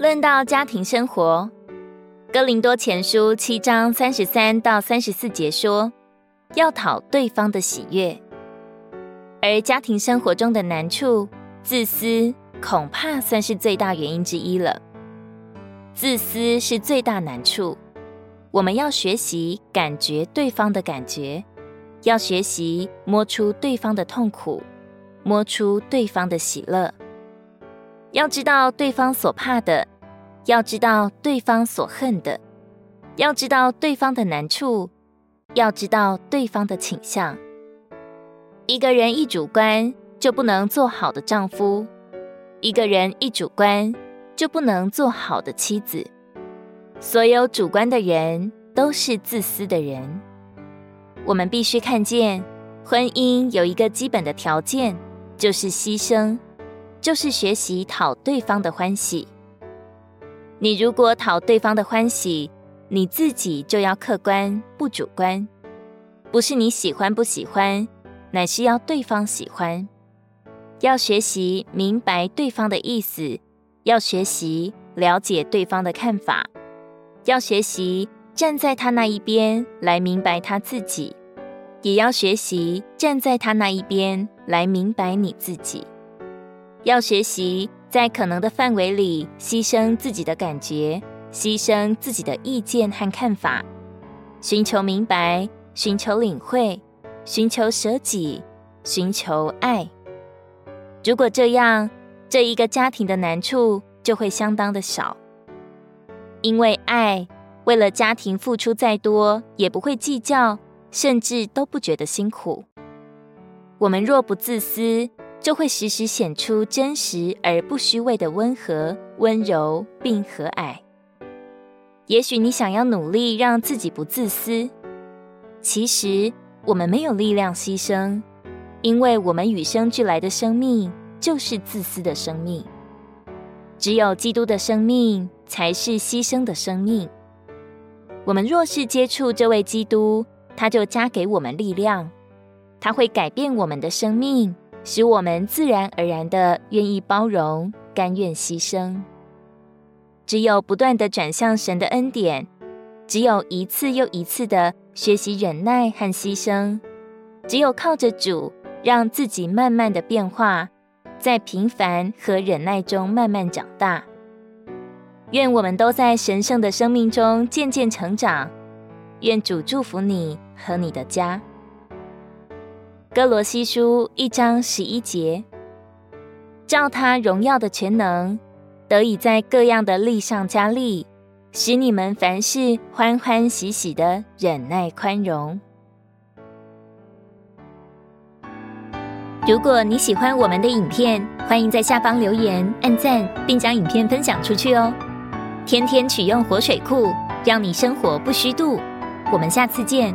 論到家庭生活，《哥林多前書》七章三十三到三十四節說，要討對方的喜悅。而家庭生活中的難處，自私恐怕算是最大原因之一了。自私是最大難處，我們要學習感覺對方的感覺，要學習摸出對方的痛苦，摸出對方的喜樂。要知道對方所怕的，要知道對方所恨的，要知道對方的難處，要知道對方的傾向。一個人一主觀，就不能做好的丈夫；一個人一主觀，就不能做好的妻子。所有主觀的人都是自私的人。我們必須看見，婚姻有一個基本的條件，就是犧牲。就是學習討對方的歡喜。你如果討對方的歡喜，你自己就要客觀，不主觀，不是你喜歡不喜歡，乃是要對方喜歡。要學習明白對方的意思，要學習了解對方的看法，要學習站在他那一邊來明白他自己，也要學習站在他那一邊來明白你自己。要學習在可能的範圍裡犧牲自己的感覺，犧牲自己的意見和看法，尋求明白，尋求領會，尋求舍己，尋求愛。如果這樣，這一個家庭的難處就會相當的少。因為愛，為了家庭付出再多也不會計較，甚至都不覺得辛苦。我們若不自私，就會時時顯出真實而不虛偽的溫和、溫柔並和藹。也許你想要努力讓自己不自私，其實我們沒有力量犧牲，因為我們與生俱來的生命就是自私的生命。只有基督的生命才是犧牲的生命。我們若是接觸這位基督，他就加給我們力量，他會改變我們的生命。使我們自然而然的願意包容，甘願犧牲。只有不斷的轉向神的恩典，只有一次又一次的學習忍耐和犧牲，只有靠着主讓自己慢慢的變化，在平凡和忍耐中慢慢長大。願我們都在神聖的生命中漸漸成長，願主祝福你和你的家。歌羅西書一章十一節，照他榮耀的權能，得以在各樣的力上加力，使你們凡事歡歡喜喜的忍耐寬容。如果你喜歡我們的影片，歡迎在下方留言、按讚，並將影片分享出去哦。天天取用活水庫，讓你生活不虛度。我們下次見。